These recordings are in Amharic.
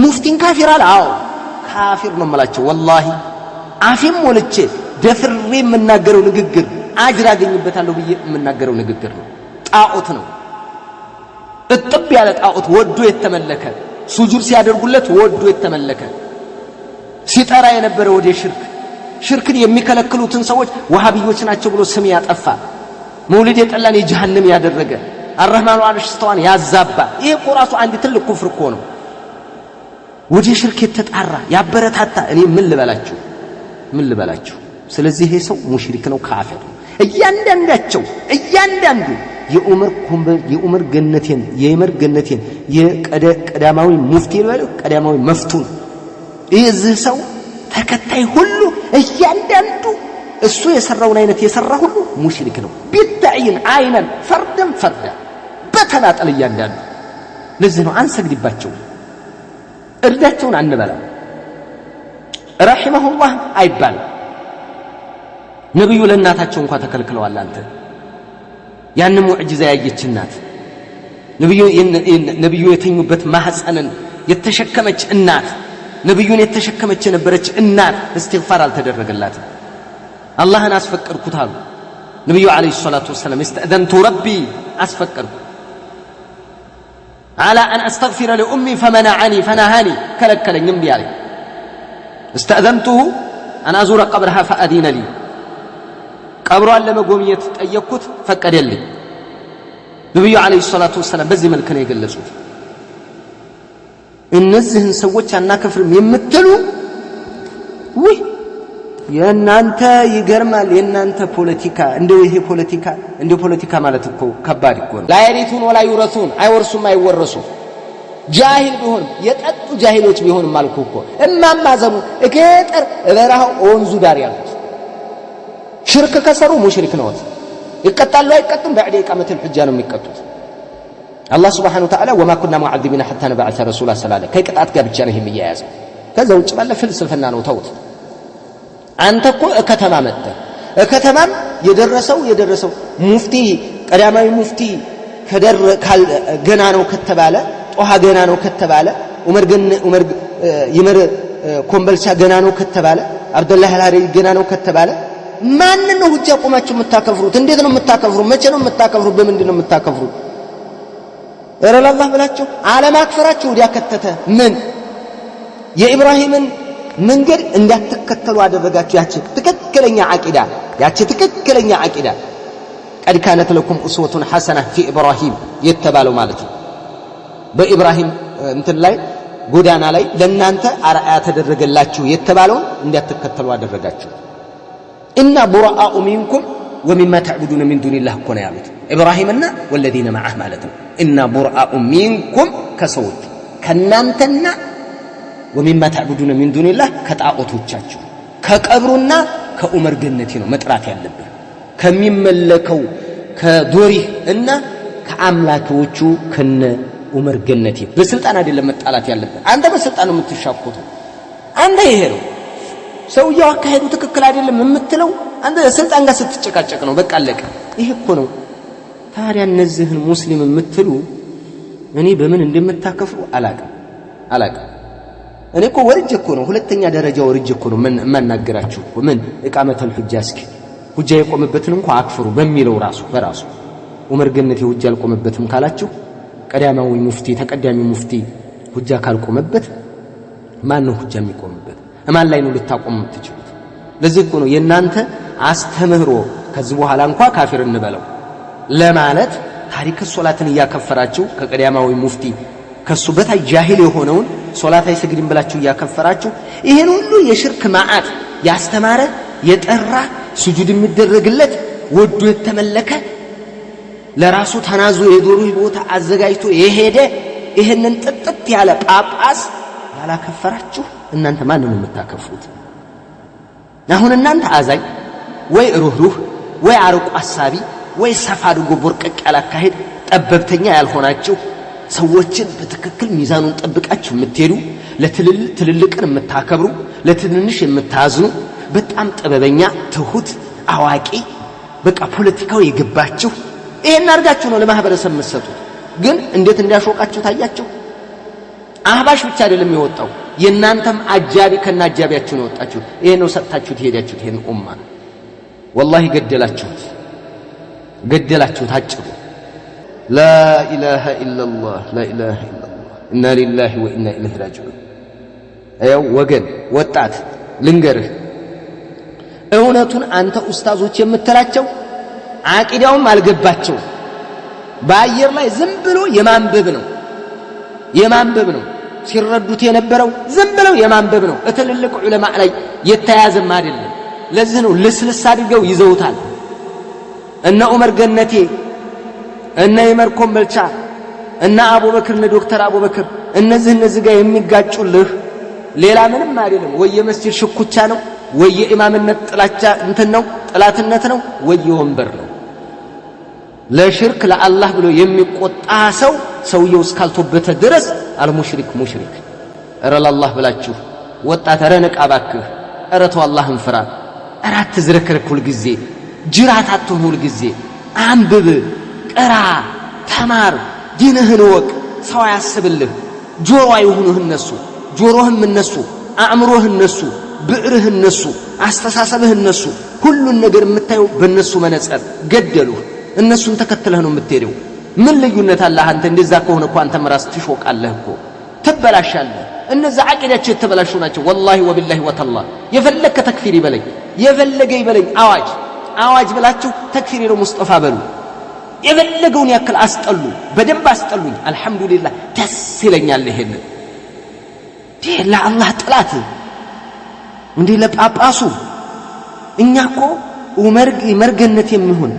ሙፍቲን ካፊር አለ። አዎ ካፊር ነው የምላቸው። ወላሂ አፌም ሞልቼ ደፍሬ የምናገረው ንግግር አጅር አገኝበታለሁ ብዬ የምናገረው ንግግር ነው። ጣዖት ነው፣ እጥብ ያለ ጣዖት፣ ወዶ የተመለከ ሱጁድ ሲያደርጉለት ወዶ የተመለከ ሲጠራ የነበረ ወደ ሽርክ ሽርክን የሚከለክሉትን ሰዎች ዋሃብዮች ናቸው ብሎ ስም ያጠፋ መውሊድ የጠላን የጀሃንም ያደረገ አረህማኑ አርሽ ስተዋን ያዛባ ይሄ እኮ ራሱ አንድ ትልቅ ኩፍር እኮ ነው። ወደ ሽርክ የተጣራ ያበረታታ። እኔ ምን ልበላችሁ ምን ልበላችሁ። ስለዚህ ይሄ ሰው ሙሽሪክ ነው፣ ካፌር እያንዳንዳቸው እያንዳንዱ የዑመር ኩምበር የዑመር ገነቴን የዑመር ገነቴን የቀዳማዊ ሙፍቲ ልበለው ቀዳማዊ መፍቱን የዚህ ሰው ተከታይ ሁሉ እያንዳንዱ እሱ የሰራውን አይነት የሰራ ሁሉ ሙሽሪክ ነው። ቢታይን አይነን ፈርደም ፈርዳ በተናጠል እያንዳንዱ ለዚህ ነው አንሰግድባቸው እርዳቸውን አንበላ ረሒመሁላህ አይባልም። ነቢዩ ለእናታቸው እንኳ ተከልክለዋል። አንተ ያንም ሙዕጅዛ ያየች እናት ነቢዩ የተኙበት ማህፀንን የተሸከመች እናት ነቢዩን የተሸከመች የነበረች እናት እስትግፋር አልተደረገላትም። አላህን አስፈቀድኩት አሉ ነቢዩ ዓለይሂ ሰላቱ ወሰላም። እስተእዘንቱ ረቢ አስፈቀድኩ አላ አን አስተግፊረ ሊኡሚ ፈመናዓኒ ፈናሃኒ ከለከለኝ እምቢ አለኝ እስተእዘንቱሁ አን አዙረ ቀብረሃ ፈአዲነ ሊ ቀብሯን ለመጎብኘት ጠየቅኩት ፈቀደልኝ ነቢዩ ዓለይሂ ሰላቱ ወሰላም በዚህ መልክ ነው የገለጹት እነዚህን ሰዎች አናከፍርም የምትሉ ውይ የእናንተ ይገርማል። የእናንተ ፖለቲካ እንደው ይሄ ፖለቲካ እንደ ፖለቲካ ማለት እኮ ከባድ እኮ ነው። ላያሪቱን ወላ ዩረቱን አይወርሱም አይወረሱ ጃሂል ቢሆንም የጠጡ ጃሂሎች ቢሆንም አልኩ እኮ እማማዘሙ እገጠር በረሃው ወንዙ ዳር ያሉት ሽርክ ከሰሩ ሙሽሪክ ነዎት። ይቀጣሉ አይቀጡም? በዕድ ኢቃመተል ሑጃ ነው የሚቀጡት። አላህ ስብሓነሁ ወተዓላ ወማ ኩና ሙዓዚቢና ሐታ ነብዐሰ ረሱላ ስላለ ከቅጣት ጋር ብቻ ነው ይሄም እያያዘው። ከዛ ውጭ ባለ ፍልስፍና ነው ተውት። አንተ እኮ እከተማ መጣ እከተማም የደረሰው የደረሰው ሙፍቲ ቀዳማዊ ሙፍቲ ገና ነው ከተባለ ጦሃ ገና ነው ከተባለ ዑመር ይመር ኮምበልቻ ገና ነው ከተባለ አብደላህ አልሀደሪ ገና ነው ከተባለ ማንን ነው ሁጃ ቆማችሁ የምታከፍሩት? እንዴት ነው የምታከፍሩት? መቼ ነው የምታከፍሩት? በምንድን ነው የምታከፍሩት? ኧረ ለአላህ ብላችሁ አለማክፈራችሁ ወዲያ ከተተ ምን የኢብራሂምን መንገድ እንዳትከተሉ አደረጋችሁ። ያቺ ትክክለኛ ዓቂዳ ያቺ ትክክለኛ ዓቂዳ ቀድ ካነት ለኩም እስወቱን ሐሰና ፊ ኢብራሂም የተባለው ማለት ነው። በኢብራሂም እንትን ላይ ጎዳና ላይ ለእናንተ አርአያ ተደረገላችሁ የተባለውን እንዳትከተሉ አደረጋችሁ። እና ቡራአኡ ሚንኩም ወሚማ ተዕቡዱነ ሚን ዱንላህ እኮ ነው ያሉት ኢብራሂምና ወለዚነ መዓህ ማለት ነው። እና ቡራአኡ ሚንኩም ከሰዎች ከእናንተና ወሚማ ተዕቡዱነ ሚን ዱኒላህ ከጣዖቶቻቸው ከቀብሩና ከዑመር ገነቴ ነው መጥራት ያለብህ ከሚመለከው ከዶሪህ እና ከአምላኪዎቹ ከነ ዑመር ገነቴ። በስልጣን አይደለም መጣላት ያለብህ። አንተ በስልጣን ነው የምትሻኮተው። አንተ ይሄ ነው ሰውየው አካሄዱ ትክክል አይደለም የምትለው አንተ ስልጣን ጋር ስትጨቃጨቅ ነው። በቃ አለቀ። ይሄ እኮ ነው። ታዲያ እነዚህን ሙስሊም የምትሉ እኔ በምን እንደምታከፍሉ አላቅም አላቅም። እኔ እኮ ወርጄ እኮ ነው ሁለተኛ ደረጃ ወርጄ እኮ ነው የማናገራችሁ። ምን እቃመተል ሁጃ እስኪ ሁጃ የቆመበትን እንኳ አክፍሩ በሚለው ራሱ በራሱ ዑመር ገነት ሁጃ አልቆመበትም ካላችሁ ቀዳማዊ ሙፍቲ ተቀዳሚ ሙፍቲ ሁጃ ካልቆመበት ማን ነው ሁጃ የሚቆምበት? እማን ላይ ነው ልታቆሙ የምትችሉት? ለዚህ እኮ ነው የእናንተ አስተምህሮ ከዚህ በኋላ እንኳ ካፊር እንበለው ለማለት ታሪክ ሶላትን እያከፈራችሁ ከቀዳማዊ ሙፍቲ ከሱ በታይ ጃሂል የሆነውን ሶላት አይሰግድም ብላችሁ እያከፈራችሁ ይህን ሁሉ የሽርክ ማዓት ያስተማረ የጠራ ስጁድ የሚደረግለት ወዶ የተመለከ ለራሱ ተናዞ የዶሮ ቦታ አዘጋጅቶ የሄደ ይህንን ጥጥት ያለ ጳጳስ ያላከፈራችሁ እናንተ ማን ነው የምታከፍሩት? አሁን እናንተ አዛኝ ወይ ሩህሩህ ወይ አርቆ አሳቢ ወይ ሰፋ አድርጎ ቦርቀቅ ያላካሄድ ጠበብተኛ ያልሆናችሁ ሰዎችን በትክክል ሚዛኑን ጠብቃችሁ የምትሄዱ ለትልልቅን የምታከብሩ ለትንንሽ የምታዝኑ በጣም ጥበበኛ ትሁት አዋቂ በቃ ፖለቲካው የገባችሁ ይሄን አድርጋችሁ ነው ለማህበረሰብ የምትሰጡት ግን እንዴት እንዳሾቃችሁ ታያችሁ አህባሽ ብቻ አይደለም የወጣው የእናንተም አጃቢ ከና አጃቢያችሁ ነው ወጣችሁ ይሄ ነው ሰጥታችሁት ሄዳችሁት ይሄን ኡማ ወላሂ ገደላችሁት ገደላችሁት አጭሩ ላኢላሃ ኢለላህ ላኢላሃ ኢለላህ ኢና ሊላሂ ወኢና ኢለይሂ ራጂዑን። ያው ወገን ወጣት ልንገርህ፣ እውነቱን አንተ ኡስታዞች የምትላቸው አቂዳውም አልገባቸው በአየር ላይ ዝም ብሎ የማንበብ ነው የማንበብ ነው ሲረዱት የነበረው ዝም ብለው የማንበብ ነው። እትልልቅ ዑለማ ላይ የተያዘም አይደለም። ለዚህ ነው ልስልስ አድርገው ይዘውታል። እነ ዑመር ገነቴ እነ የመርኮም መልቻ እነ አቡበክር እነ ዶክተር አቡበክር እነዚህ እነዚህ ጋር የሚጋጩልህ ሌላ ምንም አይደለም። ወይ የመስጂድ ሽኩቻ ነው፣ ወይ የኢማምነት ጥላቻ እንትን ነው ጥላትነት ነው፣ ወይ ወንበር ነው። ለሽርክ ለአላህ ብሎ የሚቆጣ ሰው ሰውየው እስካልቶበተ ድረስ አልሙሽሪክ ሙሽሪክ። እረ ለአላህ ብላችሁ ወጣት፣ እረ ንቃ እባክህ፣ እረ ተው አላህን ፍራ፣ እረ አትዝረክረክ፣ ሁልጊዜ ጅራት አትሁን፣ ሁልጊዜ አንብብ ቅራ፣ ተማር፣ ዲንህን እወቅ። ሰው አያስብልህ። ጆሮ አይሁኑህ እነሱ፣ ጆሮህም እነሱ፣ አእምሮህ እነሱ፣ ብዕርህ እነሱ፣ አስተሳሰብህ እነሱ። ሁሉን ነገር የምታየው በእነሱ መነጸር። ገደሉህ፣ እነሱን ተከትለህ ነው የምትሄደው። ምን ልዩነት አለህ? አንተ እንደዛ ከሆነ እኮ አንተም ራስ ትሾቃለህ እኮ ትበላሻለህ። እነዛ አቂዳቸው የተበላሹ ናቸው። ወላሂ ወቢላሂ ወተላ የፈለግከ ተክፊር ይበለኝ የፈለገ ይበለኝ። አዋጅ አዋጅ ብላችሁ ተክፊር ነው ሙስጠፋ በሉ። የፈለገውን ያክል አስጠሉ፣ በደንብ አስጠሉኝ። አልሐምዱሊላህ ደስ ይለኛል። ይሄንን ይህ ለአላህ ጥላት እንዴ ለጳጳሱ እኛ እኮ መርገነት የሚሆን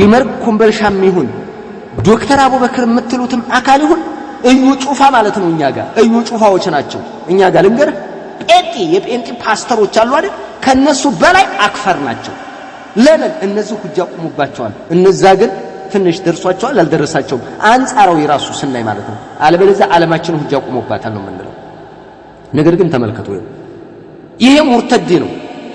የመርግ ኮምበልሻ የሚሆን ዶክተር አቡበክር የምትሉትም አካል ይሁን እዩ ጩፋ ማለት ነው። እኛ ጋር እዩ ጩፋዎች ናቸው። እኛ ጋር ልንገርህ፣ ጴንጤ የጴንጤ ፓስተሮች አሉ አይደል? ከነሱ በላይ አክፈር ናቸው። ለምን እነዚህ ሁጃ ቆሙባቸዋል። እነዛ ግን ትንሽ ደርሷቸዋል፣ አልደረሳቸውም። አንጻራዊ ራሱ ስናይ ማለት ነው። አለበለዚያ ዓለማችን ሁጅ ቆሞባታል ነው የምንለው። ነገር ግን ተመልከቱ፣ ይሄ ሙርተዲ ነው።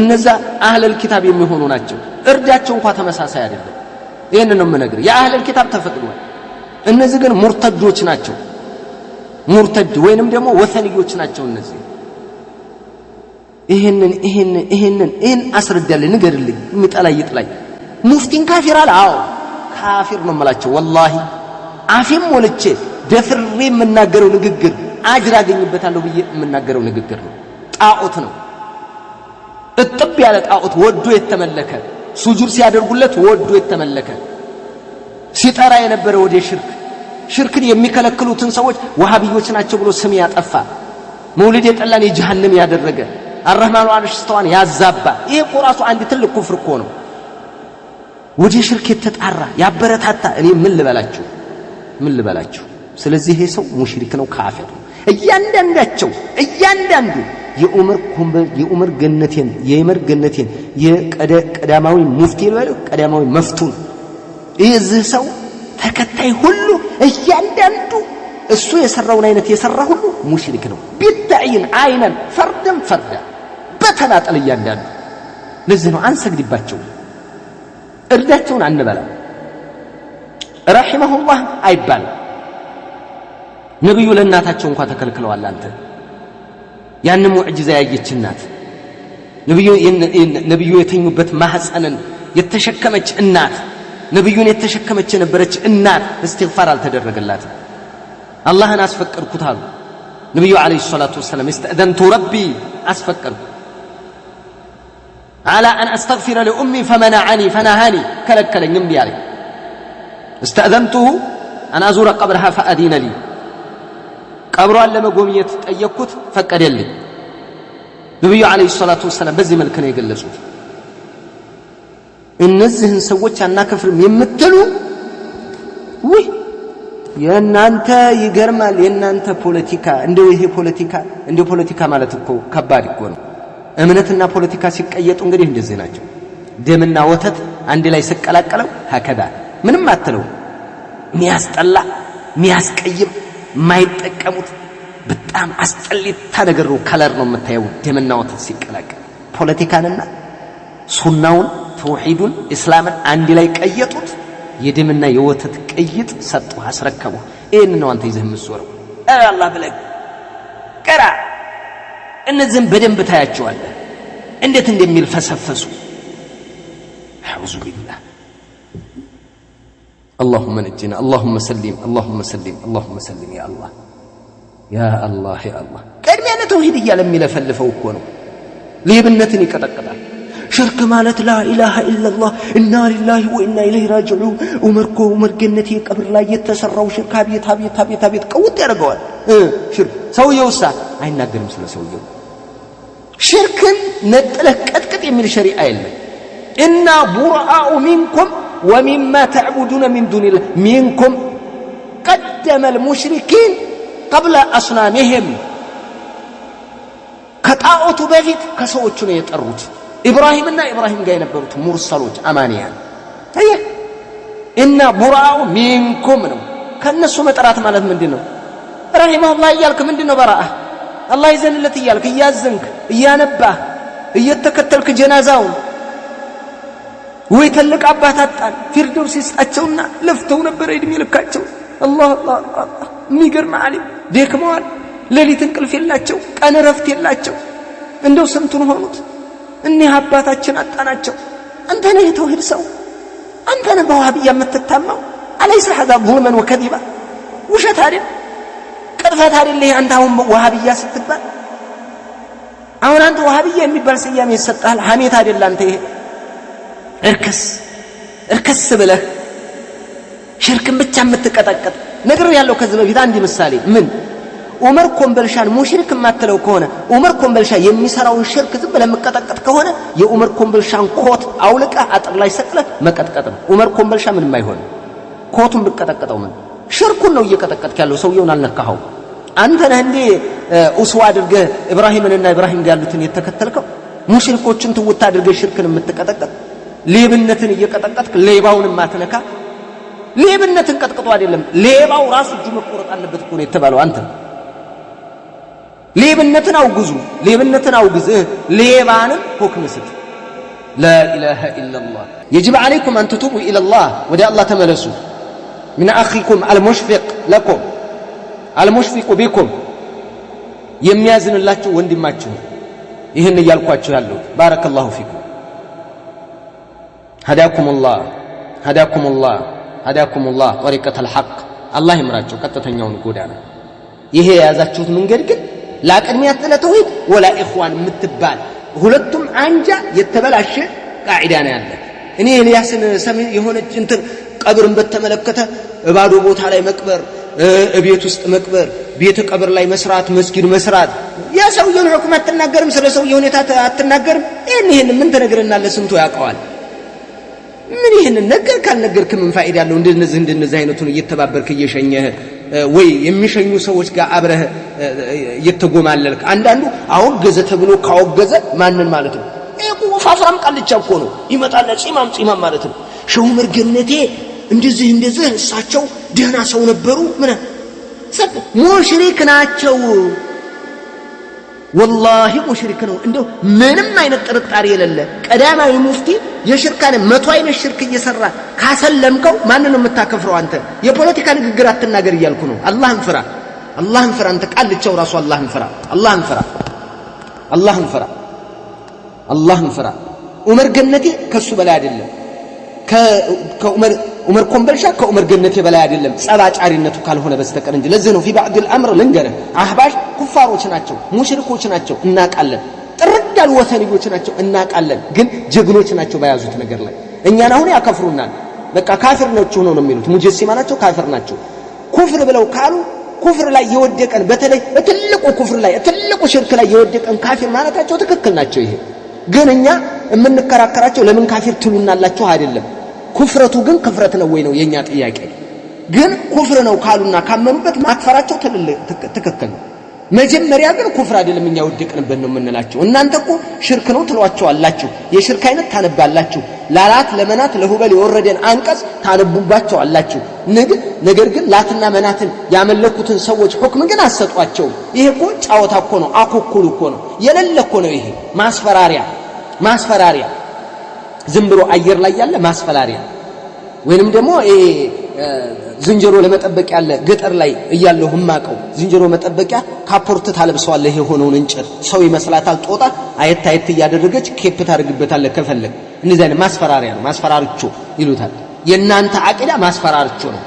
እነዛ አህለል ኪታብ የሚሆኑ ናቸው። እርዳቸው እንኳ ተመሳሳይ አይደለም። ይህን ነው የምነግር። የአህለል ኪታብ ተፈቅዷል። እነዚህ ግን ሙርተዶች ናቸው። ሙርተድ ወይንም ደግሞ ወሰንዮች ናቸው እነዚህ ይህንን ይህንን ይህንን ይህን አስረዳለ፣ ንገርልኝ። የሚጠላ ይጥላይ። ሙፍቲን ካፊር አለ። አዎ ካፊር ነው የምላቸው። ወላሂ አፌም ሞልቼ ደፍሬ የምናገረው ንግግር አጅር አገኝበታለሁ ብዬ የምናገረው ንግግር ነው። ጣዖት ነው፣ እጥብ ያለ ጣዖት፣ ወዶ የተመለከ ሱጁድ ሲያደርጉለት ወዶ የተመለከ ሲጠራ የነበረ ወደ ሽርክ ሽርክን የሚከለክሉትን ሰዎች ዋሃብዮች ናቸው ብሎ ስም ያጠፋ መውሊድ የጠላን የጀሃንም ያደረገ አረህማኑ አርሽ ስተዋን ያዛባ ይህ እኮ ራሱ አንድ ትልቅ ኩፍር እኮ ነው። ወደ ሽርክ የተጣራ ያበረታታ። እኔ ምን ልበላችሁ ምን ልበላችሁ። ስለዚህ ይሄ ሰው ሙሽሪክ ነው ካፊር እያንዳንዳቸው እያንዳንዱ የዑመር ኩምበር የዑመር ገነቴን የዑመር ገነቴን የቀዳማዊ ሙፍቲ ልበለው ቀዳማዊ መፍቱን እዚህ ሰው ተከታይ ሁሉ እያንዳንዱ እሱ የሰራውን አይነት የሰራ ሁሉ ሙሽሪክ ነው። ቢታይን አይነን ፈርደን ፈርዳ በተናጠል እያንዳንዱ ለዚህ ነው አንሰግድባቸው እርዳቸውን አንበላ ረሒመሁላህ አይባል ነቢዩ ለእናታቸው እንኳ ተከልክለዋል አንተ ያንም ሙዕጅዛ ያየች እናት ነቢዩ የተኙበት ማህፀንን የተሸከመች እናት ነቢዩን የተሸከመች የነበረች እናት እስትግፋር አልተደረገላትም አላህን አስፈቀድኩት አሉ ነቢዩ ዓለይሂ ሰላቱ ወሰላም እስተእዘንቱ ረቢ አስፈቀድኩ አላ አን አስተግፊረ ሊኡሚ ፈመናዓኒ ፈናሃኒ ከለከለኝ እምቢ አለኝ እስተእዘንቱሁ አን አዙረ ቀብረሃ ፈአዲነ ሊ ቀብሯን ለመጎብኘት ጠየቅኩት ፈቀደልኝ ነቢዩ ዓለይሂ ሰላቱ ወሰላም በዚህ መልክ ነው የገለጹት እነዚህን ሰዎች አናከፍርም የምትሉ ውይ የእናንተ ይገርማል የእናንተ ፖለቲካ እንደው ይሄ ፖለቲካ እንደ ፖለቲካ ማለት እኮ ከባድ እኮ ነው እምነትና ፖለቲካ ሲቀየጡ እንግዲህ እንደዚህ ናቸው። ደምና ወተት አንድ ላይ ስቀላቀለው ሀከዳ ምንም አትለው ሚያስጠላ ሚያስቀይም የማይጠቀሙት በጣም አስጠሊታ ነገር ነው። ከለር ነው የምታየው ደምና ወተት ሲቀላቀል። ፖለቲካንና ሱናውን ተውሂዱን እስላምን አንድ ላይ ቀየጡት። የደምና የወተት ቅይጥ ሰጡ፣ አስረከቡ። ይህን ነው አንተ ይዘህ የምትዞረው። አላህ ብለህ ቅራ بدن እነዚህም በደንብ ታያቸዋለ እንዴት እንደሚልፈሰፈሱ أعوذ بالله اللهم نجنا اللهم سلم اللهم سلم اللهم سلم يا الله يا الله يا الله قد يعني توحيد يا لم يلفلفه وكون ليبنتني كتقطع شرك مالت لا اله الا الله انا لله وانا اليه راجعون ومركو ومر جنتي قبر لا يتسرى وشرك ابيت ابيت ابيت ابيت قوت يا رجل شرك سوي وسات አይናገርም ስለ ሰውየው። ሽርክን ነጥለህ ቀጥቅጥ የሚል ሸሪዓ የለም። እና ቡርአኡ ሚንኩም ወሚማ ተዕቡዱነ ሚን ዱኒላህ ሚንኩም ቀደመ ልሙሽሪኪን ቀብለ አስናሚህም ከጣዖቱ በፊት ከሰዎቹ ነው የጠሩት። ኢብራሂምና ኢብራሂም ጋር የነበሩት ሙርሰሎች አማንያን ታየ እና ቡርአኡ ሚንኩም ነው። ከእነሱ መጠራት ማለት ምንድን ነው? ረሒመሁላህ እያልክ ምንድን ነው በረአ አላህ ይዘንለት እያልክ እያዘንክ እያነባህ እየተከተልክ ጀናዛውን ወይ ትልቅ አባት አጣን። ፊርደውስ ይስጣቸውና ለፍተው ነበረ እድሜ ልካቸው። አላህ አላህ የሚገርም ዓሊም ደክመዋል። ሌሊት እንቅልፍ የላቸው፣ ቀን እረፍት የላቸው። እንደው ስንቱን ሆኑት እኒህ አባታችን አጣናቸው። አንተ ነህ የተውሂድ ሰው፣ አንተ ነህ በውሃብያ የምትታማው። አለይሰ ሀዛ ዙልመን ወከዚባ ውሸት አይደል? ጥፋት አይደለ? አንተ አሁን ወሃብያ ስትባል አሁን አንተ ወሃብያ የሚባል ስያሜ ይሰጣል። ሀሜት አይደለ? አንተ ይሄ እርክስ እርክስ ብለህ ሽርክን ብቻ የምትቀጠቀጥ ነገር ያለው። ከዚህ በፊት አንድ ምሳሌ ምን ዑመር ኮምበልሻን ሙሽሪክ የማትለው ከሆነ ዑመር ኮምበልሻ የሚሰራውን ሽርክ ዝም ብለህ የምትቀጠቀጥ ከሆነ የዑመር ኮምበልሻን ኮት አውልቀህ አጥር ላይ ሰቅለህ መቀጥቀጥ ነው። ዑመር ኮምበልሻ ምንም አይሆንም። ኮቱን ብትቀጠቀጠው ምን ሽርኩን ነው እየቀጠቀጥክ ያለው። ሰውየውን አልነካኸው። አንተ ነህ እንዴ ኡስዋ አድርገህ ኢብራሂምንና ኢብራሂም ጋር ያሉትን የተከተልከው? ሙሽሪኮችን ትውት አድርገህ ሽርክን የምትቀጠቀጥ ሌብነትን እየቀጠቀጥክ ሌባውን ማትነካ ሌብነትን ቀጥቅጦ አይደለም ሌባው ራሱ እጁ መቆረጥ አለበት እኮ ነው የተባለው። አንተ ሌብነትን አውግዙ፣ ሌብነትን አውግዝህ፣ ሌባንም ሁክም ስጥ። ላኢላሃ ኢለላህ የጅብ ዓለይኩም አንትቱቡ ኢለላህ ወደ አላህ ተመለሱ። ሚን አኺኩም አልሙሽፊቅ ለኩም አልሙሽፊቁ ቢኩም የሚያዝንላችሁ ወንድማችሁ ይህን እያልኳችሁ ያለሁት ባረከላሁ ፊኩም ሀዳኩሙላህ ሀዳኩሙላህ ሀዳኩሙላህ ጠሪቀተል ሐቅ አላህ ይምራቸው ቀጥተኛውን ጎዳና ይሄ የያዛችሁት መንገድ ግን ላቅድሚያ ለተውሂድ ወላ ኢኽዋን የምትባል ሁለቱም አንጃ የተበላሸ ቃዒዳ ነው ያለ። እኔ ኤልያስን ሰሚ የሆነች እንትን ቀብርን በተመለከተ ባዶ ቦታ ላይ መቅበር ቤት ውስጥ መቅበር፣ ቤተ ቀብር ላይ መስራት፣ መስጊድ መስራት። ያ ሰውየውን ሕኩም አትናገርም፣ ስለ ሰውየ ሁኔታ አትናገርም። ይህን ይህን ምን ትነግረናለህ? ስንቱ ያውቀዋል። ምን ይህን ነገር ካልነገርክ ምን ፋይዳ አለው? እንደነዚህ እንደነዚህ አይነቱን እየተባበርክ እየሸኘህ ወይ የሚሸኙ ሰዎች ጋር አብረህ እየተጎማለልክ። አንዳንዱ አወገዘ ተብሎ ካወገዘ ማንን ማለት ነው? ይሄ እኮ ወፋፍራም ቃልቻ እኮ ነው። ይመጣል ፂማም ፂማም ማለት ነው። ሸው መርገነቴ እንደዚህ እንደዚህ እሳቸው ደህና ሰው ነበሩ። ምን ሰጥ ሙሽሪክ ናቸው። ወላሂ ሙሽሪክ ነው። እንደው ምንም አይነት ጥርጣሬ የሌለ ቀዳማዊ ሙፍቲ የሽርካን መቶ አይነት ሽርክ እየሰራ ካሰለምከው ማንን ነው የምታከፍረው? አንተ የፖለቲካ ንግግር አትናገር እያልኩ ነው። አላህን ፍራ፣ አላህን ፍራ። አንተ ቃልቻው ራሱ አላህን ፍራ፣ አላህን ፍራ፣ አላህን ፍራ፣ አላህን ፍራ። ዑመር ገነቴ ከሱ በላይ አይደለም ከዑመር ዑመር ኮምበልሻ ከዑመር ገነቴ በላይ አይደለም፣ ጸብ አጫሪነቱ ካልሆነ በስተቀር እንጂ። ለዚህ ነው ፊ ባዕድል አምር ልንገርህ፣ አህባሽ ኩፋሮች ናቸው፣ ሙሽሪኮች ናቸው፣ እናቃለን። ጥርድ ያሉ ናቸው፣ እናቃለን። ግን ጀግኖች ናቸው በያዙት ነገር ላይ። እኛን አሁን ያከፍሩናል። በቃ ካፍር ናችሁ ነው የሚሉት። ሙጀሲማ ናቸው፣ ካፍር ናቸው። ኩፍር ብለው ካሉ ኩፍር ላይ የወደቀን በተለይ ትልቁ ኩፍር ላይ ትልቁ ሽርክ ላይ የወደቀን ካፊር ማለታቸው ትክክል ናቸው። ይሄ ግን እኛ የምንከራከራቸው ለምን ካፊር ትሉናላችሁ አይደለም ኩፍረቱ ግን ክፍረት ነው ወይ ነው የእኛ ጥያቄ። ግን ኩፍር ነው ካሉና ካመኑበት ማክፈራቸው ትክክል ነው። መጀመሪያ ግን ኩፍር አይደለም እኛ ወደቅንበት ነው የምንላቸው። እናንተ እኮ ሽርክ ነው ትሏቸዋላችሁ። የሽርክ አይነት ታነባላችሁ። ላላት ለመናት ለሁበል የወረደን አንቀጽ ታነቡባቸዋላችሁ። ነገር ግን ላትና መናትን ያመለኩትን ሰዎች ሁክም ግን አሰጧቸውም። ይሄ እኮ ጫወታ እኮ ነው፣ አኮኩል እኮ ነው፣ የሌለ እኮ ነው። ይሄ ማስፈራሪያ ማስፈራሪያ ዝም ብሎ አየር ላይ ያለ ማስፈራሪያ ወይንም ደግሞ ዝንጀሮ ለመጠበቅ ያለ ገጠር ላይ እያለሁ የማውቀው ዝንጀሮ መጠበቂያ ካፖርት ታለብሰዋለህ የሆነውን እንጨት ሰው ይመስላታል። ጦጣ አየት አየት እያደረገች ኬፕ ታደርግበታለህ ከፈለግ። እነዚህ አይነት ማስፈራሪያ ነው። ማስፈራርቾ ይሉታል። የእናንተ አቂዳ ማስፈራርቾ ነው።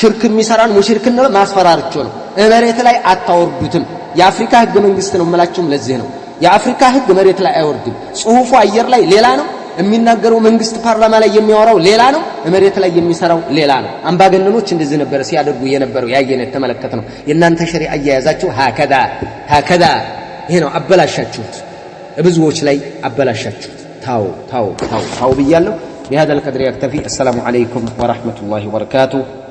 ሽርክ የሚሰራን ሙሽርክ ነው፣ ማስፈራርቾ ነው። መሬት ላይ አታወርዱትም። የአፍሪካ ህገ መንግስት ነው መላችሁም ለዚህ ነው። የአፍሪካ ህግ መሬት ላይ አይወርድም። ጽሁፉ አየር ላይ ሌላ ነው የሚናገረው መንግስት ፓርላማ ላይ የሚያወራው ሌላ ነው፣ መሬት ላይ የሚሰራው ሌላ ነው። አምባገነኖች እንደዚህ ነበር ሲያደርጉ የነበረው ያየነ የተመለከት ነው። የእናንተ ሸሪዓ እያያዛችሁ ሀከዳ ሀከዳ፣ ይሄ ነው አበላሻችሁት፣ ብዙዎች ላይ አበላሻችሁት። ታው ታው ታው ታው ብያለሁ። بهذا القدر يكتفي السلام አለይኩም ወራህመቱላሂ الله